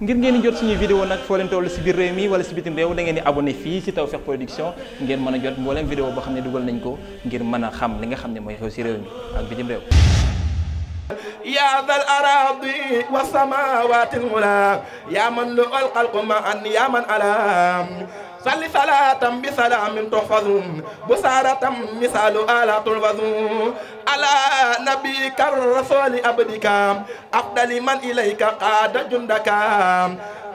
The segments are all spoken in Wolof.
ngir ngeen jot suñu vidéo nag foo toll si biir réew mi wala si bitim réew da ngeen di abonné fii si Tawfekh Production ngeen mën a jot mbooleem vidéo boo xam ne dugal nañ ko ngir mën a xam li nga xam ne mooy xew si réew mi ak bitim réew ya dal aradi wa samawati al ula ya man lu al xalqu ma an ya man alam salli salaatam bi salaamin tuhfazun busaaratam misaalu ala tulfazun ala nabika rasuli abdika afdali man ilayka qaada jundaka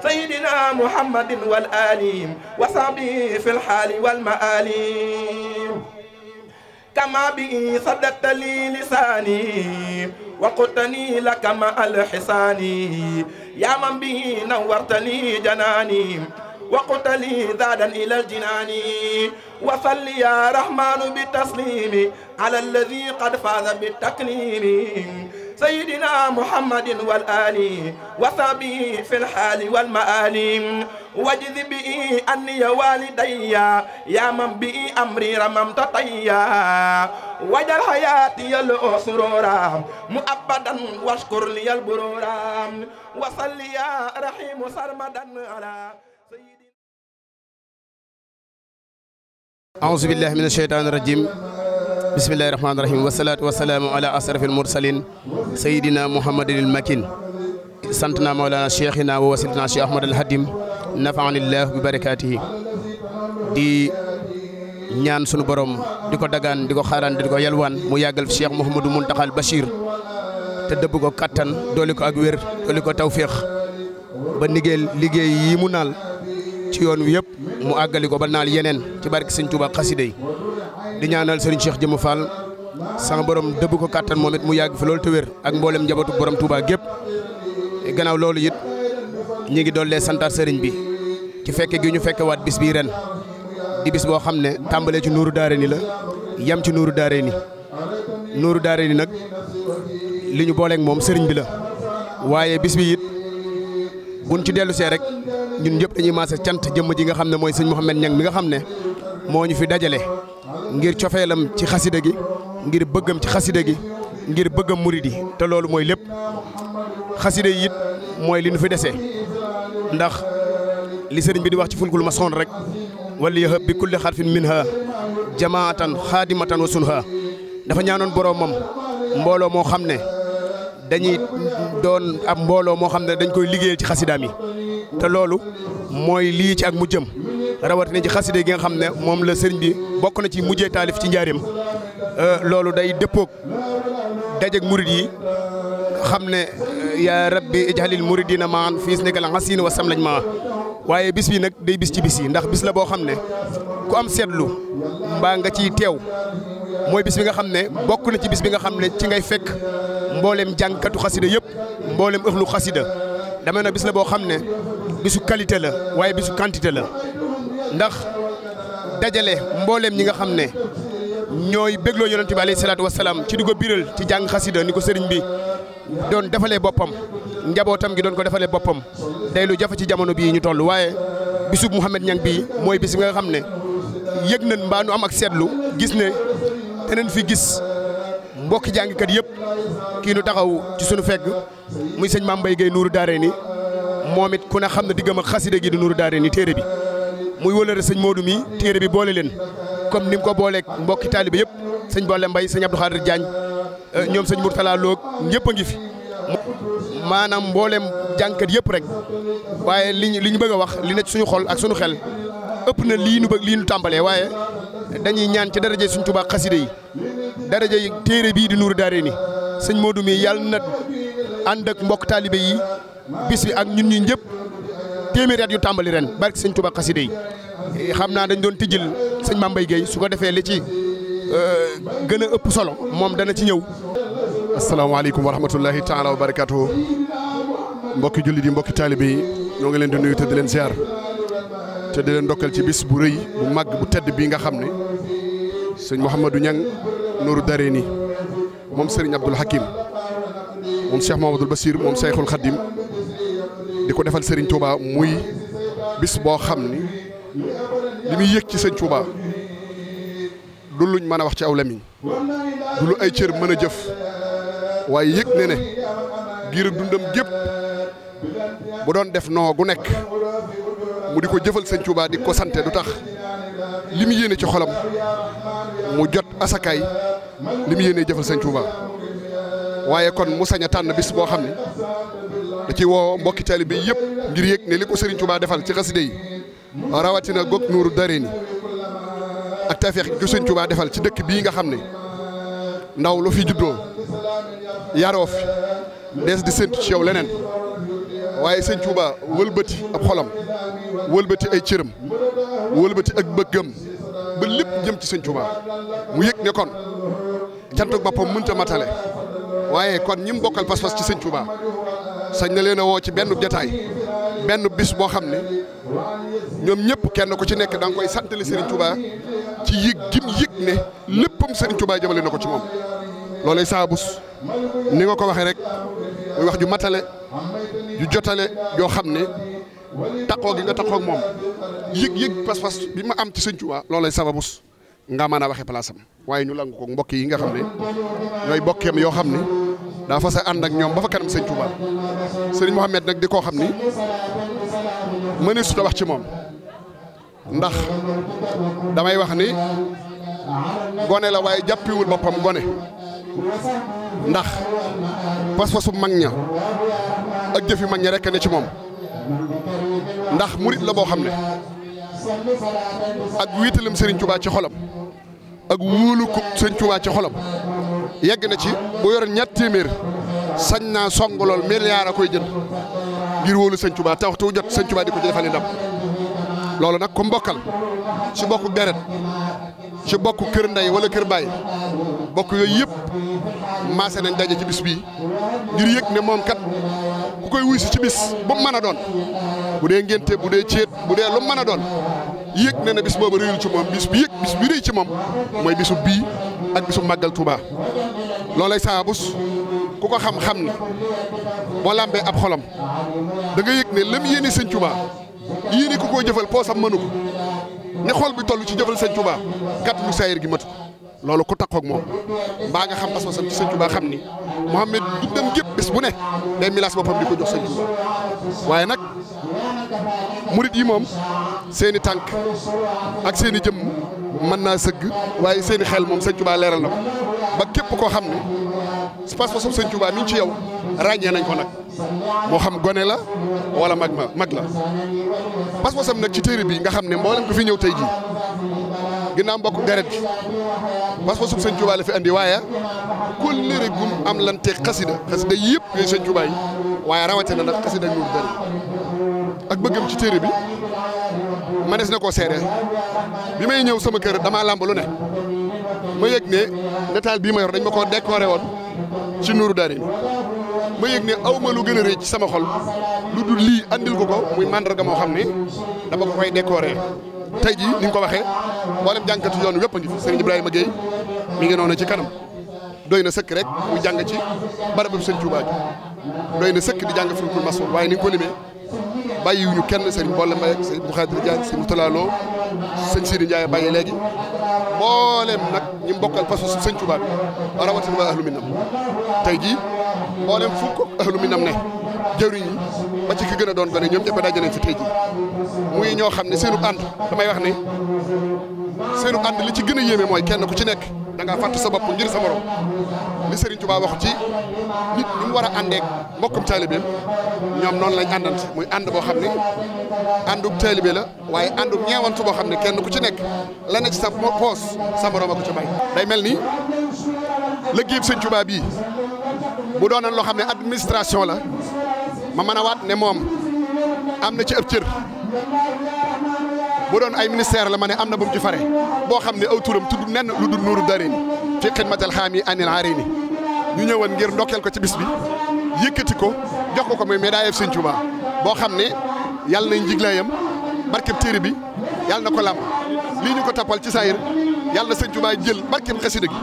sayyidina muhammadin wal ali wa sahbihi fil hali wal maali كما به صدقت لي لساني وقلتني لك مع الحسان يا من به نورتني جناني وقتلي ذادا إلى الجنان وصل يا رحمن بالتسليم على الذي قد فاز بالتكليم سيدنا محمد والآل وصحبه في الحال والمآل واجذ به أني والدي يا من به أمري رممت طيا وجل حياتي الأسرورا مؤبدا واشكر لي البرورا وصل يا رحيم سرمدا على سيدي aouzu billahi min asheytaani rajim bismillahi rahmaani rahim wasalaatu wasalaamu ala asrafil mursalin sayidina muhammadinil makin sant naa mawlana wa wasilna cheikh ahmad al hadim nafaanillah bi barakaatihi di ñaan sunu borom di ko dagaan di ko xaaraan di ko yalwaan mu yàggal fi cheikh mouhamadou muntaxal bachir te dëbb ko kattan dooli ko ak wér dooli ko tawféex ba nigéel liggéey yi mu naal ci yoon wi yëpp mu àggali ko ba naal yeneen ci barke sëñ Touba xasida yi di ñaanal sëriñ Cheikh Jëmm Fall sama borom dëbb ko kàttan moom it mu yàgg fi loolu te wér ak mboolem njabootu borom Touba gépp gannaaw loolu yit ñi ngi doollee santaat sëriñ bi ci fekke gi ñu fekke waat bis bii ren di bis boo xam ne tàmbalee ci nuuru daare ni la yam ci nuuru daare ni nuuru daare ni nag li ñu booleeg moom sëriñ bi la waaye bis bi it buñ ci dellu see rek ñun ñëpp dañuy maase cant jëmm ji nga xam ne mooy sëñ Mouhamed Niang mi nga xam ne moo ñu fi dajale ngir cofeelam ci xasida gi ngir bëggam ci xasida gi ngir bëggam murid yi te loolu mooy lépp xasida yi it mooy li nu fi desee ndax li sëriñ bi di wax ci fulkul masoon rek wala yëhëb bi kulli xarfin minha jamaatan xaadimatan wa sunha dafa ñaanoon moom mbooloo moo xam ne dañuy doon ab mbooloo moo xam ne dañ koy liggéeyal ci xasidaam yi te loolu mooy lii ci ak mu jëm rawatina ci xasida gi nga xam ne moom la sëriñ bi bokk na ci mujjee taalif ci njaareem euh, loolu day dëppoog dajeg murid yi xam ne euh, yaa rabbi ijalil muridina maan fiis nekkal xasiin wa sam lañ maa waaye bis bi nag day bis ci bis yi ndax bis la boo xam ne ku am seetlu mbaa nga ciy teew mooy bis bi nga xam ne bokk na ci bis bi nga xam ne ci ngay fekk mboolem jàngkatu xasida yëpp mboolem ëxlu xasida dama ne bis la boo xam ne bisu qualité la waaye bisu quantité la ndax dajale mboolem ñi nga xam ne ñooy bégloo yonent bi alayhi salaatu wasalaam ci di ko biral ci jàng xasida ni ko sëriñ bi doon defalee boppam njabootam gi doon ko defalee boppam day lu jafe ci jamono bii ñu toll waaye bisub Mouhamed Niang bi mooy bis bi nga xam ne yëg nañ mbaa nu am ak seetlu gis ne danañ fi gis mbokki jàngkat yëpp kii nu taxaw ci sunu fegg muy sëñ Mame Mbaye Guèye Nourou Darayni moom it ku ne xam ne diggam ak xasida gi di Nourou Darayni téere bi muy wëlëre sañ Modou mi téere bi boole leen comme ni mu ko booleeg mbokki taaliba yëpp sëñ Bolle Mbaye sëñ Abdou Khadir Diagne euh, ñoom sëñ Mourtala Loog ñëpp a ngi fi maanaam mboolem jàngkat yëpp rek waaye li ñu li ñu bëgg a wax li ne suñu xol ak suñu xel ëpp na lii nu bëgg lii nu tàmbalee waaye dañuy ñaan ci daraje suñ Tuubaa xaside yi daraje yi téere bii di nuuru daare ni sëñ Modou mi yàlla na ànd ak mbokk taalibe yi bis bi ak ñun ñu ñëpp téeméeri at yu tàmbali ren barke sëñ Tuubaa xaside yi xam naa dañ doon tijjil sëñ Mambay Gueye su ko defee li ci euh, gën a ëpp solo moom dana ci ñëw asalaamaaleykum wa rahmatullahi taala wa barakatuhu mbokki jullit yi mbokki taalibe yi ñoo ngi leen di nuyu te di leen ziar te di leen ndokkal ci bis bu rëy bu màgg bu tedd bii nga xam ne sëñ Mouhamadou Niang nooru daree nii moom Serigne Abdoul Hakim moom Cheikh Mouhamadoul Bassir moom Cheikhul Khadim di ko defal Serigne Touba muy bis boo xam ni li muy yëg ci sëñ Touba du luñ mën a wax ci aw lamiñ du lu ay cër mën a jëf waaye yëg ne ne giir dundam gépp bu doon def noo gu nekk. mu di ko jëfal sëñ Touba di ko sante du tax li mu yéene ci xolom mu jot asakaay li mu yéenee jëfal sëñ Touba waaye kon mu sañ a tànn bis boo xam ne da ci woo mbokki taalibe bi yëpp ngir yëg ne li ko sëriñ Touba defal ci xaside yi rawatina gog nuuru daree ni ak tafeex gi sëñ Touba defal ci dëkk bii nga xam ne ndaw lu fi juddoo yaroo fi dees di séntu ci yow leneen waaye sëñ Touba wëlbati ab xolam wëlbati ay cëram wëlbati ak bëggam ba lépp jëm ci sëñ Touba mu yëg ne kon cantuk boppam mënta matale waaye kon ñi mu bokkal pas-pas ci sëñ Touba sañ na leen a woo ci benn jataay benn bis boo xam ne ñoom ñëpp kenn ku ci nekk da koy santale Serigne Touba ci yëg gim yëg ne léppam Serigne Touba jëmale na ko ci moom loolay saabus ni nga ko waxee rek muy wax ju matale ju jotale joo xam ne taxoo gi nga taxoo moom yëg-yëg pas-pas bi ma am ci Sëñ Tuubaa loolay sababus nga mën a waxe place waaye ñu langu ko mbokk yi nga xam ne ñooy bokkeem yoo xam ne daa fa sa ànd ak ñoom ba fa kanam Sëñ Tuubaa Sëriñ Mouhamed nag di koo xam ni mënee su ta wax ci moom ndax damay wax ni gone la waaye jàppiwul boppam gone ndax pas-pasu mag ña ak jëfi mag ñi rekk ne ci moom ndax murit la boo xam ne ak wiitalam Serigne Touba ci xolam ak wóolu ko Serigne Touba ci xolam yegg na ci bu yoroon ñett téeméer sañ naa song lool milliard a koy jënd ngir wóolu Serigne Touba te waxtu jot Serigne Touba di ko ci defal ndam loolu nag ku mbokkal ci bokku deret ci bokk kër ndey wala kër baay bokk yooyu yëpp maase nañ daje ci bis bii ngir yëg ne moom kat. ku koy wuy si ci bis bu mu mën a doon bu dee ngénte bu dee céet bu dee lu mu mën a doon yëg ne na bis boobu réyul ci moom bis bi yëg bis bi réy ci moom mooy bisu bii ak bisu màggal Touba loolay saabus ku ko xam-xam na boo làmbee ab xolom da nga yëg ne lam yéene sëñ Touba yéene ku ko jëfal poosam mënu ko ne xol bi toll ci jëfal sëñ Touba kat lu saayir gi matu loolu ku takkoog moom mbaa nga xam pas-pasam ci sëñ baa xam ni Mouhamed dem gépp bis bu ne day milaas boppam bi ko jox sëñ Tuubaa waaye nag murit yi moom seeni tànk ak seeni jëmm mën naa sëgg waaye seeni xel moom sëñ baa leeral na ko ba képp koo xam ne pas-pasam sëñ Tuubaa mi ngi ci yow ràññee nañ ko nag moo xam gone la wala mag ma mag la pas-pasam nag ci téere bi nga xam ne mboolem ko fi ñëw tey jii a mbokk deret gi parce que suuf sëñ Tuubaa la fi andi waaye kóllëre gum am lante xasida xasida yëpp yooyu sëñ Tuubaa waaye rawatina nag xasida ak Nuuru ak bëggam ci téere bi manees na koo seere bi may ñëw sama kër damaa làmb lu ne ma yëg ne détail bii ma yor dañ ma koo décoré woon ci Nuuru Daarayni ma yëg ne aw lu gën a rëy ci sama xol lu dul lii andil ko ko muy màndarga moo xam ne dama ko koy décoré. tey jii ni nga ko waxee mboolem jàngkatu yoon wépp a ngi fi sëriñ Ibrahima Gueye mi ngi noonu ci kanam doy na sëkk rek mu jàng ci barabu sëñ Touba ji doy na sëkk di jàng fulkul masoon waaye ni nga ko limee bàyyiwuñu kenn sëriñ mboolem Mbaye sëriñ Boukhadri Diagne sëriñ Talaaloo sëñ Sidi Ndiaye bàyyi léegi mboolem nag ñi mbokkal fasu su sëñ Touba bi rawatina waa ahlu minam tey jii mboolem fukk ahlu ne jëriñ yi ba ci ki gën a doon gone ñoom ñëpp daje nañ fi tey muy ñoo xam ne seenu ànd damay wax ne seenu ànd li ci gën a yéeme mooy kenn ku ci nekk danga ngaa fàtt sa bopp ngir sa morom li Serigne Touba wax ci nit war a àndeek mbokkum taalibeem ñoom noonu lañ àndant muy ànd boo xam ne àndub taalibe la waaye àndub ñeewantu boo xam ne kenn ku ci nekk la ne ci sa poos sa morom a ko ci may day mel ni liggéeyub Serigne Touba bii bu doonoon loo xam ne administration la ma man a waat ne moom am na ci ab cër bu doon ay ministère la ma ne am na bu ci fare boo xam ne aw turam tudd nenn lu dul nuuru darin fi xidmatal xaam yi anil arini ñu ñëwoon ngir ndokkeel ko ci bis bi yëkkati ko jox ko ko muy médaille Sëñ Tuuba boo xam ne yàlla nañ njiglaayam barkeb téere bi yàlla na ko làmb lii ñu ko tappal ci saayir yàlla na Sëñ Tuuba jël barkeb xasida gi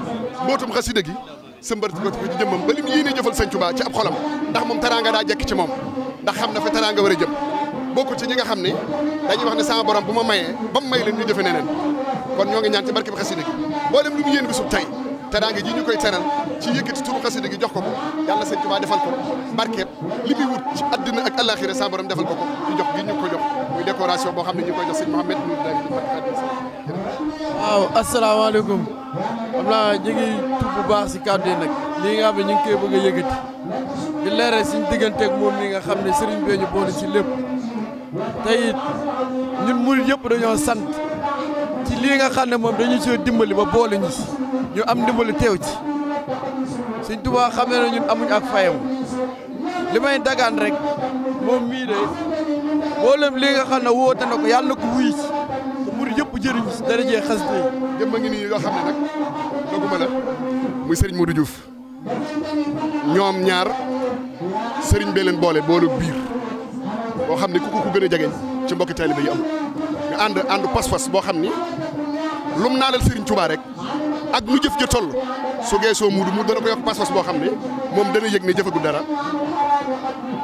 mbootum xasida gi sëmbar ko ci jëmmam ba lim yii ne jëfal Sëñ Tuuba ci ab xolam ndax moom teraanga daa jekk ci moom ndax xam na fa teraanga war a jëm bokkul ci ñi nga xam ni dañuy wax ne sama borom bu ma mayee ba mu may leen ñu jëfe neneen kon ñoo ngi ñaan ci barke boo dem lu mu yéen bisub tey teraanga ji ñu koy teral ci yëkkati turu xasida jox ko ko yàlla sëñ Tuubaa defal ko barkeet li muy wut ci àddina ak àllaaxira sama borom defal ko ko ci jox gi ñu ko jox muy décoration boo xam ne ñu koy jox sëñ Mouhamed Nour Dali waaw asalaamaaleykum xam naa si kàddu yi nag lii nga xam ne ñu di leeral suñu digganteeg moom mi nga xam ne sëriñ bee ñu boole ci lépp te ñun murit yëpp dañoo sant ci lii nga xam ne moom dañu ci dimbali ba boole ñu ñu am dimbali teew ci Sëriñ Tuubaa xam ne ñun amuñ ak fayam li may dagaan rek moom mii de mboolem lii nga xam ne woote na ko yàlla na ko wuyu ci te murit yëpp jëriñ si dara jee xas tey. jëmm a ngi nii xam ne nag doguma la muy sëriñ Modou Diouf ñoom ñaar. sëriñ bee leen boole boolu biir boo xam ne ku ko gën a jegeñ ci mbokki taalibe yi am ñu ànd ànd pas boo xam ni lum naalal sëriñ Tuubaa rek ak nu jëf ja toll su geesoo muudu mu dana ko yokk pas boo xam ne moom dana yëg ne jëfagul dara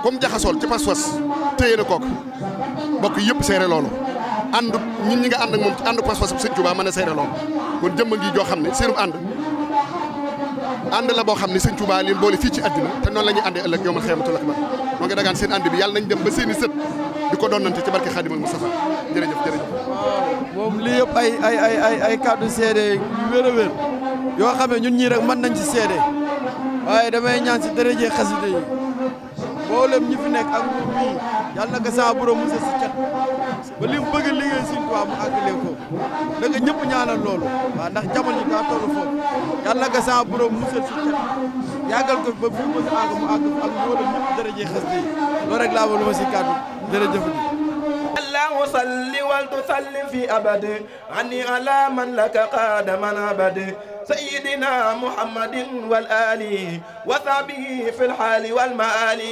comme jaxasool ci pas-pas téye na kooku mbokk yëpp seere loolu ànd ñun ñi nga ànd ak moom ànd pas-pas sëriñ Tuubaa mën a seere loolu kon jëmm ngi joo xam ne seenum ànd ànd boo xam ne sëñ Touba leen boole fii ci àddina te noonu la ñuy àndee ëllëg yowmal xeematul akbar moo ngi dagaan seen ànd bi yàlla nañ dem ba seen i sët di ko doonante ci barke Xaadimal Mustafa jërëjëf jërëjëf moom lii yëpp ay ay ay ay ay kàddu seede yu wér yoo xam ñun ñii rek mën nañ ci seede waaye damay ñaan si dërëjee xasida yi mboolem ñi fi nekk a ñun ñii yal na ko saa borom mos a si cat ba li mu bëgg a liggéey Sëñ Tuubaa mu àggalee ko da nga ñëpp ñaanal loolu waaw ndax jamono ji daa toll foofu yal na ko saa borom mos a si cat yàggal ko ba fi mu a mu àgg ak mboolem ñëpp dërëjee xasida yi loolu rek laa ma lu ma si kàddu jërëjëf bi اللهم صل وتسلم في أبد سيدنا محمد والآل وصحبه في الحال والمآل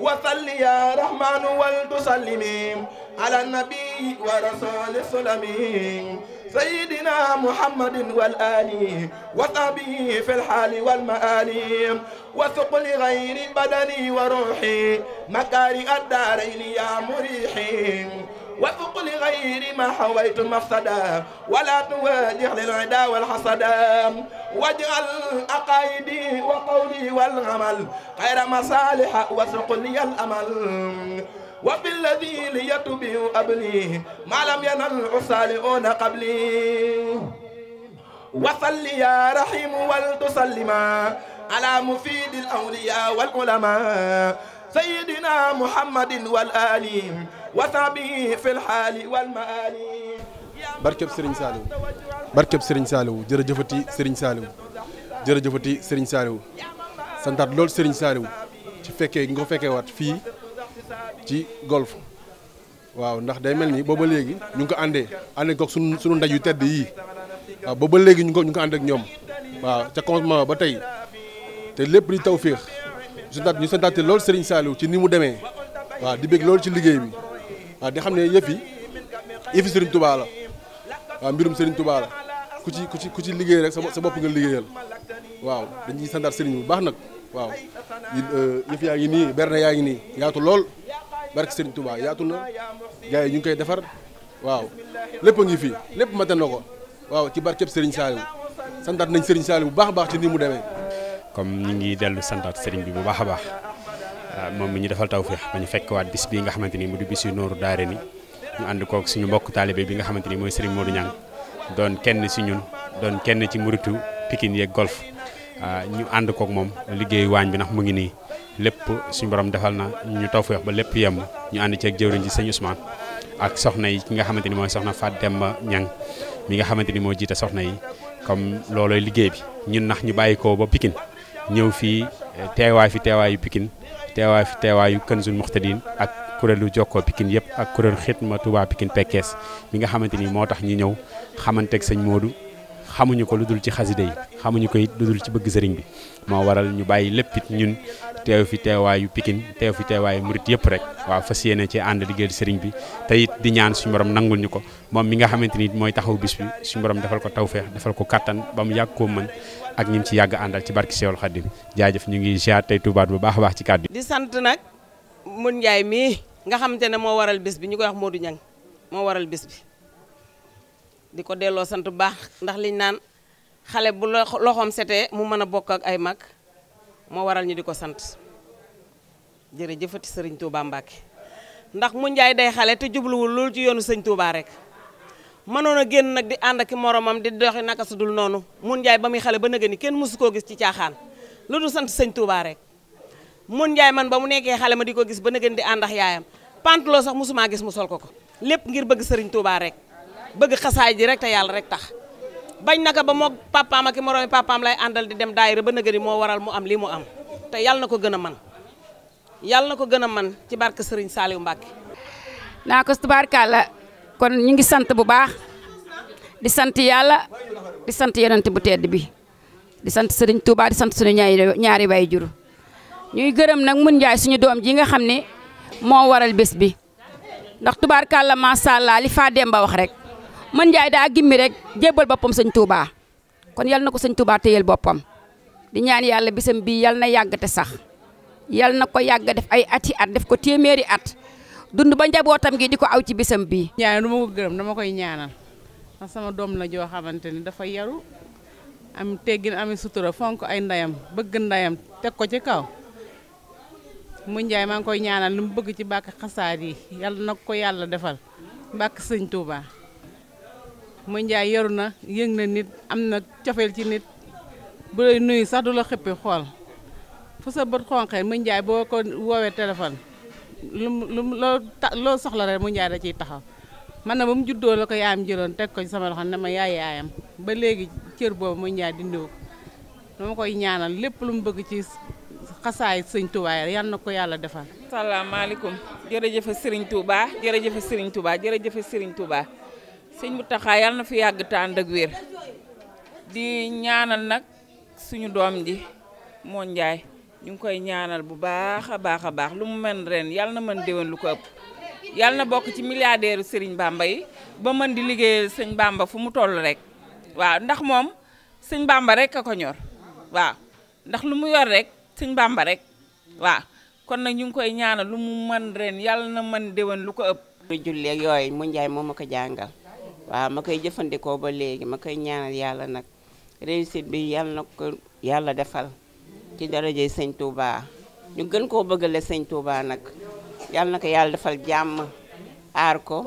وصل يا رحمن ولتسلم على النبي ورسول السلم سيدنا محمد والآل وصحبه في الحال والمآل وثق لغير بدني وروحي مكارئ الدارين يا مريحي وفق لغير ما حويت مفسدا ولا تواجه للعدا والحسد واجعل أقايدي وقولي والعمل غير مصالح واسرق لي الأمل وفي الذي ليتبه أبلي ما لم ينل الصالحون قبلي وصل يا رحيم ولتسلما على مفيد الأولياء والعلماء سيدنا محمد والآل وتعبي في الحال والمآل barkeb Serigne Saliou barkeb sëriñ Saliou jërëjëfati Serigne Saliou jërëjëfati Serigne Saliou santaat loolu Serigne Saliou ci fekkee nga ko fekkee waat fii ci golf waaw ndax day mel ni booba léegi ñu ngi ko àndee àndee ko sunu sunu ndaj yu tedd yii waaw booba léegi ñu ko ñu ko ànd ñoom waaw ca commencement ba tey te lépp di tawféex ñu santaat ñu santaate loolu Serigne Saliou ci ni mu demee waaw di bég loolu ci liggéey bi waa di xam ne yëf yi yëfi Serigne Touba la waaw mbirum sëriñ Touba ku ci ku ci ku ci liggéey rek sa bopp nga liggéeyal waaw dañuy sandaat Serigne bu baax nag waaw euh, yëf yaa ngi nii berne yaa ngi nii yaatu lool barke Serigne tubaa yaatu na gars ñu ngi koy defar waaw lépp a ngi fii lépp mate na ko waaw ci barkeb Serigne Saliou sandaat nañ Serigne Saliou bu baax a baax ci nii mu demee. comme ñu ngi dellu sandaat Serigne bi bu baax a baax. Ah, moom mi ñu defal tawféex ba ñu fekk waat bis bii nga xamante ni mu di bisu nooru daare ni ñu ànd kook suñu mbokk taalibe bi nga xamante ni mooy Serigne Modou doon kenn si ñun doon kenn ci muritu Pikine yeeg golf ah, ñu ànd kook moom liggéeyu waañ bi ndax mu ngi nii lépp suñu borom defal na ñu tawféex ba lépp yemb ñu ànd ceeg jëwriñ ji sëñ ak soxna yi ki nga xamante ni mooy soxna Fat Demba Niang mi nga xamante ni moo jiite soxna yi comme loolooy liggéey bi ñun nax ñu bàyyi ko ba pikin ñëw fii eh, teewaay fi teewaayu Pikine teewaay fi teewaayu Kanzul Muxtadin ak kuréelu jokkoo Pikine yëpp ak kuréelu xitma Touba Pikine Pekkees mi nga xamante ni moo tax ñu ñëw xamanteeg sañ moodu xamuñu ko lu dul ci xaside yi xamuñu ko it lu dul ci bëgg sëriñ bi moo waral ñu bàyyi lépp it ñun teew fi teewaayu Pikine teew fi teewaayu murit yëpp rek waaw fas yéene ci ànd liggéeyal sëriñ bi te it di ñaan suñu borom nangul ñu ko moom mi nga xamante ni mooy taxaw bis bi suñu borom defal ko tawfeex defal ko kattan ba mu yàgg koo mën ak ñi ci yàgg àndal ci barki Seexul Xaadim jaajëf ñu ngi ziar tey tubaat bu baax a baax ci kàddu di sant nag mun Njaay mii nga xamante ne moo waral bis bi ñu koy wax Modou Niang moo waral bis bi di ko delloo sant bu baax ndax liñ naan xale bu loxoom setee mu mën a bokk moo waral ñu di ko sant jërëjëfati sëriñ Touba Mbacke ndax mu njaay day xale te jubluwul loolu ci yoonu sëñ Touba rek mënoon a génn nag di ànd ak moromam di doxi naka su dul noonu mun njaay ba muy xale ba nëgë ni kenn mosu koo gis ci caaxaan lu dul sant sëñ Touba rek mun njaay man ba mu nekkee xale ma di ko gis ba nëgën di ànd ak yaayam pantalon sax mosumaa gis mu sol ko ko lépp ngir bëgg sëriñ Touba rek bëgg xasaay ji rek te yàlla rek tax bañ naka ba moo papaam ak i lay àndal di dem daayira ba nëgëri moo waral mu am lii mu am te yàlla na gën a man yàlla na ko gën a man ci barke Serigne Saliou Mbacke. naa ko tubaarkàlla kon ñu ngi sant bu baax di sant yàlla di sant yonent bu tedd bi di sant Serigne Touba di sant suñu ñaari ñaari waajur ñuy gërëm nag mun njaay suñu doom ji nga xam ne moo waral bés bi ndax tubaarkàlla macha allah li Fademba wax rek. man Ndiaye daa gimmi rek jébbal boppam sëñ Touba kon yal na ko sëñ Touba téyel boppam di ñaan yàlla bisam bi yal na yàgg sax yal na ko yàgg def ay ati at def ko téeméeri at dund ba njabootam gi di ko aw ci bisam bii. Ndiaye gërëm dama koy ñaanal ndax sama doom la joo xamante ni dafa yaru am teggin ami fonk ay ndayam bëgg teg ko ci mu Ndiaye maa ngi koy ñaanal li bëgg ci bàkk xasaar yi yàlla na ko yàlla defal bàkk sëñ Touba. mooy njaay yaru na yëg na nit am na cofeel ci nit bu lay nuyu sax du la xëppi xool fu sa bët xonqee mu njaay boo ko woowee téléphone lu lu loo loo soxla rek mu njaay da ciy taxaw man na ba mu juddoo la ko yaayam jëloon teg ko ci sama loxo ne ma yaay yaayam ba léegi cër boobu mu njaay dindiwu dama koy ñaanal lépp lu mu bëgg ci xasaay sëñ Touba yal na ko yàlla defal. asalaamaaleykum jërëjëf Serigne Touba jërëjëf tubaa Touba jërëjëf Serigne Touba. sëñ Mountakha yàlla na fi yàgg te ànd ak wér di ñaanal nag suñu doom ji moo njaay ñu ngi koy ñaanal bu baax a baax a baax lu mu mën ren yàlla na mën déwén lu ko ëpp yàlla na bokk ci milliardaire sëriñ Bamba yi ba mën di liggéeyal sëñ Bamba fu mu toll rek waaw ndax moom sëñ Bamba rek a ko ñor waaw ndax lu mu yor rek sëñ Bamba rek waaw kon nag ñu ngi koy ñaanal lu mu mën ren yàlla na mën déwén lu ko ëpp. julleeg yooyu mu njaay moom ma ko jàngal. waaw ma koy jëfandikoo ba léegi ma koy ñaanal yàlla nag réussite bi yàlla na ko yàlla defal ci darajey sëñ Touba ñu gën koo bëggale sëñ Touba nag yàlla na ko yàlla defal jàmm aar ko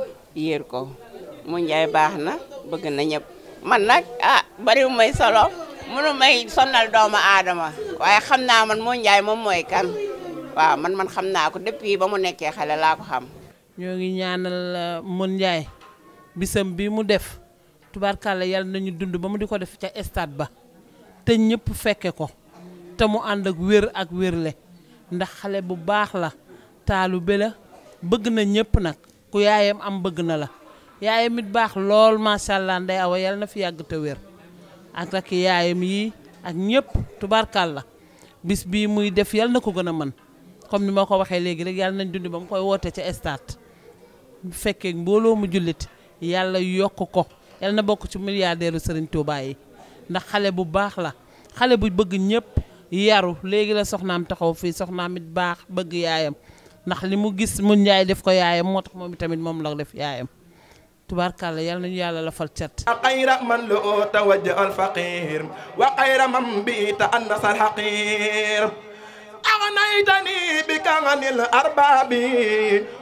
yéer ko mu njaay baax na bëgg na ñëpp man nag ah bariwu may solo mënu may sonal doomu aadama waaye xam naa man moo njaay moom mooy kan waaw man man xam naa ko depuis ba mu nekkee xale laa ko xam ñoo ngi ñaanal euh, mun njaay bisam bi mu def tubaarkàlla yàlla nañu dund ba mu di ko def ca stade ba te ñëpp fekke ko te mu ànd ak wér ak wérle ndax xale bu baax la taalu be la bëgg na ñëpp nag ku yaayam am bëgg na la yaayam it baax lool macha allah nday awa yàlla na fi yàgg te wér ak rek yaayam yi ak ñëpp la bis bii muy def yàlla na ko gën a mën comme ni ma ko waxee léegi rek yàlla nañ dund ba mu koy woote ca stade bu fekkee mbooloo mu jullit yàlla yokk ko yàlla na bokk ci milliardaire Serigne Touba yi ndax xale bu baax la xale bu bëgg ñëpp yaru léegi la soxnaam taxaw fii soxnaam it baax bëgg yaayam ndax li mu gis mu njaay def ko yaayam moo tax moom moom la def yaayam tubaarkàlla yal nañu yàlla la fal cat xayra man lu tawaj man bi ta annas al xaqir awanaytani bi عن الأرباب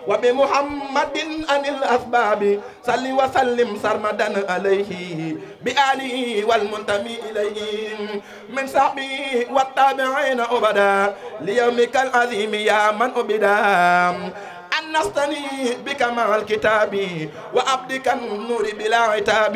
وبمحمد عن الأسباب صل وسلم سرمدا عليه بآله والمنتمي إليه من صحبه والتابعين أبدا ليومك العظيم يا من أبدا نستني بك مع الكتاب وأبدك النور بلا عتاب